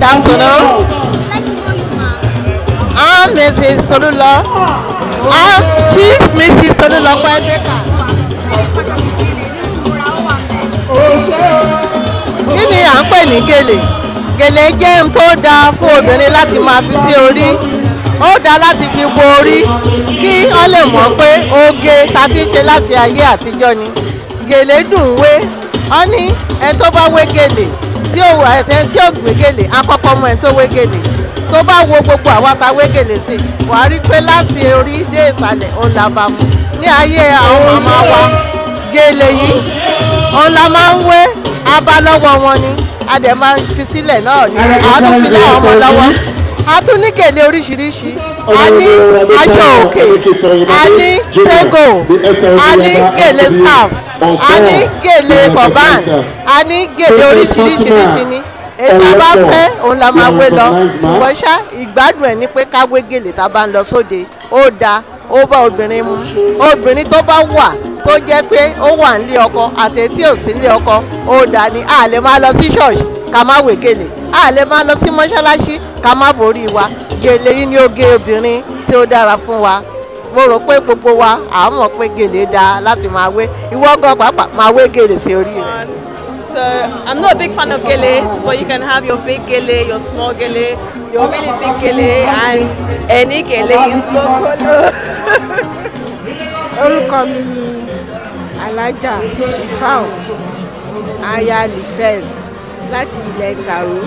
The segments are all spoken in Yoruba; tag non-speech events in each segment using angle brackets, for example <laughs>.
Good afternoon. I'm Mrs. Tolulo. I'm Chief Mrs. Tolulo Pẹ́ẹ́dẹ́ka. Kí ni à ń pè ní gèlè? Gèlè jẹ́ ohun tó dáa fún obìnrin láti máa fi sí orí. Ó dáa láti fi bo orí kí wọ́n lè mọ̀ pé oge ta ti ń ṣe láti ayé àtijọ́ ni. Gèlè dùn wé. Wọ́n ní ẹni tó bá wé gèlè tí ó ẹ̀tẹ́ tí ó gbégélé akọ́kọ́ mọ ẹ̀ tó wégélé tó bá wo gbogbo àwa ta wégélé sí wàá rí pé láti orí dé ìsàlẹ̀ òun là bá mu ní ayé àwọn màmá wa gèlè yìí òun la máa ń wé abálọ́wọ́ wọn ni a dẹ̀ máa ń fi sílẹ̀ náà ni àádọ́ fi lé ọmọ lọ́wọ́ a tún ní gèlè oríṣiríṣi a ní ajọ òkè a ní tego a ní gèlè scarf a ní gèlè kọ̀bán a ní gèlè oríṣiríṣiríṣi ni ètò àbá fẹ́ òun la máa wé lọ ṣùgbọ́n ṣá ìgbádùn ẹ̀ ni pé ká wé gèlè tá a bá ń lọ sóde ó da ó bá obìnrin mu obìnrin tó bá wà tó jẹ́ pé ó wà nílé ọkọ àti etí ò sí nílé ọkọ ó da ni a lè máa lọ sí ṣọ́ọ̀ṣì ká má wé gèlè a lè máa lọ sí mọ́ṣáláṣí ká má borí wa gèlè yìí ni oge obìnrin tí ó dára fún wa mo rò pé gbogbo wa à mọ̀ pé gèlè dáa láti máa wé ìwọ gan pàápàá máa wé gèlè sí orí rẹ. So I'm not a big fan of gele, but you can have your big gele, your small gele, your really big gele, and any gele is bokolo. <laughs> Orúkọ mi ni Alájà Shifao Ayalifel láti ilẹ̀ Ṣàró.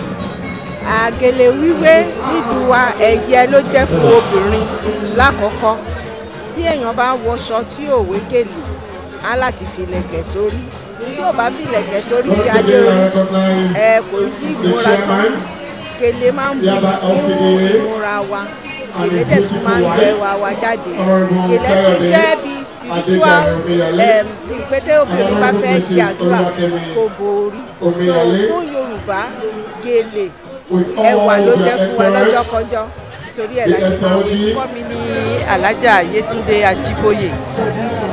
Àgèlè wíwé nílùú wa ẹ̀yẹ ló jẹ́ fún obìnrin lákọ̀ọ́kọ́ tí èèyàn bá wọṣọ tí ò wé gèlè á láti fi sórí tí ò bá fi sórí kí adé ẹ kò tí ì múra tán gèlè máa ń bù nínú wa gèlè dẹ̀ tún máa ń gbẹ wa wa jáde gèlè tún jẹ́ eh? bí spiritual ìpètè obìnrin bá fẹ́ ṣe àdúrà kò borí so fún Yorùbá gèlè ẹwà ló jẹ́ fún wa lọ́jọ́kọ́jọ́ torí ẹ̀ láti sọ pé kọ́ mi ní alájà Yétúndé Ajíbóyè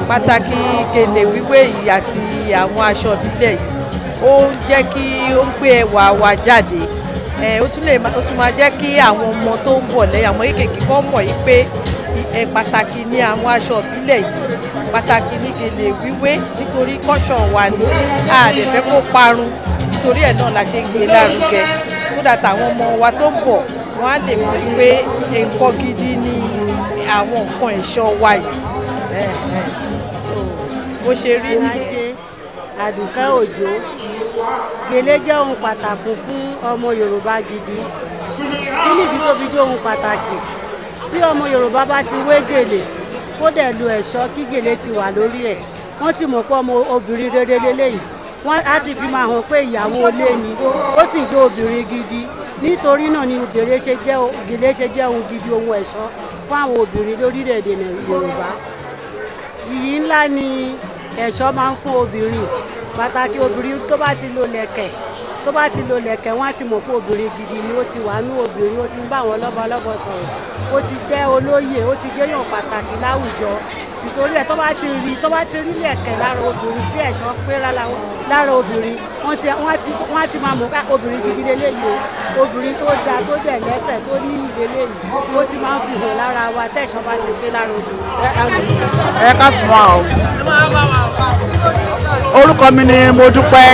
pàtàkì gèlè wíwé yìí àti àwọn aṣọ ìbílẹ̀ yìí ó ń jẹ́ kí ó ń gbé ẹwà wa jáde ó tún lè ó tún máa jẹ́ kí àwọn ọmọ tó ń bọ̀ lẹ́yìn àwọn kéékèèké kan mọ̀ yìí pé ẹ pàtàkì ni àwọn aṣọ ìbílẹ̀ yìí pàtàkì ni gèlè wíwé nítorí kọ́ṣọ̀ wa ni a lè fẹ́ kó parun nítorí ẹ̀ náà la ṣe gbé lárugẹ kódà táwọn ọmọ wa tó ń bọ̀ wọ́n á lè mọ̀ pé nǹkan gidi ni àwọn nǹkan ẹ̀ṣọ́ wa yìí bó ṣe rí nìyẹn. àdùkẹ́ òjò gèlè jẹ́ ohun pàtàkì fún ọmọ yorùbá gidi kí nìdí tó fi jẹ́ ohun pàtàkì tí ọmọ yorùbá bá ti wé gèlè kó dẹ̀ lu ẹ̀ṣọ́ kí gèlè ti wà lórí ẹ̀ wọ́n ti mọ̀ pé ọmọ obìnrin rere lélẹ́yìí wọ́n á ti fi máa hàn pé ìyàwó ilé ni ó sì jẹ́ obìnrin gidi nítorí náà ni ògèlè ṣe jẹ́ ògèlè ṣe jẹ́ ohun gidi ohun ẹ̀ṣọ́ fún àwọn obìnrin lórílẹ̀‐èdè Yorùbá iyì ńlá ni ẹ̀ṣọ́ máa ń fún obìnrin pàtàkì obìnrin tó bá ti lo lẹ̀kẹ̀ tó bá ti lo lẹ̀kẹ̀ wọ́n á ti mọ̀ pé obìnrin gidi ni ó ti wà ní obìnrin ó ti ń bá àwọn lọ́bọ̀lọ́bọ̀ sọ̀rọ̀ ó ti jẹ́ olóyè ó ti jẹ́yàn pàtàkì láwùjọ tìtorí ẹ̀ tó bá ti rí tó bá ti rí lẹ̀kẹ̀ lára obìnrin tí ẹ̀ṣọ́ pé lára obìnrin wọ́n ti wọ́n ti máa mọ̀ ká ah, obìnrin gidi lélẹ́yìí o obìnrin tó da tó dẹ̀ lẹ́sẹ̀ tó ní ìdílé yìí ó ti máa ń fi hàn lára wa tẹ̀ṣọ́ bá ti pé lára obìnrin. ẹ ká sùn wá o orúkọ mi ni Mọ́dúpẹ́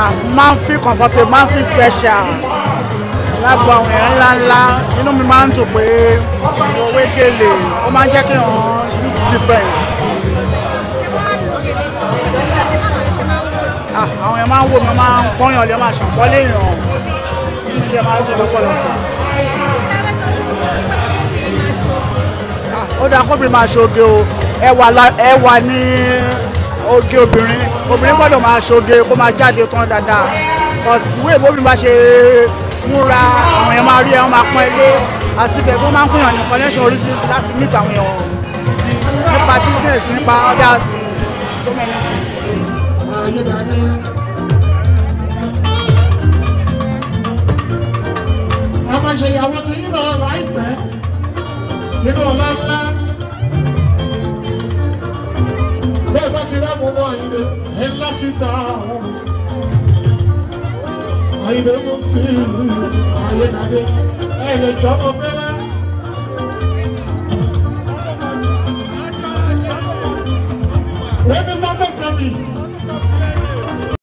ah, máa ń fi comfortable máa ń fi special lágbo àwọn èèyàn ńlá ńlá inú mi máa ń dùn pé òwe gèlè ó máa ń jẹ́ kí wọ́n look different. Ah, àwọn èèyàn máa ń wò mí máa ń pọ́nyàn lé máa ṣàpọ́ léèyàn inú jẹ́ máa ń dùn lọ́pọ̀lọpọ̀. Ah, ó dáa kóbìnrin máa ṣoge o ẹwà ní oge obìnrin obìnrin gbọ́dọ̀ máa ṣoge kó máa jáde tán dáadáa kò síwèé bóbìnrin bá ṣe múra àwọn èèyàn máa rí ẹ wọ́n máa pọ́n ilé àti ibẹ̀ kó máa ń fúnyàn ní connection oríṣiríṣi láti meet àwọn èèyàn gidi nípa business nípa other things so many things. a máa ṣe ìyàwó tí yín lọ láìpẹ́ nínú ọ̀la ńlá bẹ́ẹ̀ bá ti rẹ́ mọ́ mọ́ àyílẹ̀ ẹ̀ ńlá fi ta àwọn. I àyìnbó I fíìmù àyẹnàdé ẹ lè jọ mọ pẹ́lá. Let me mother come in.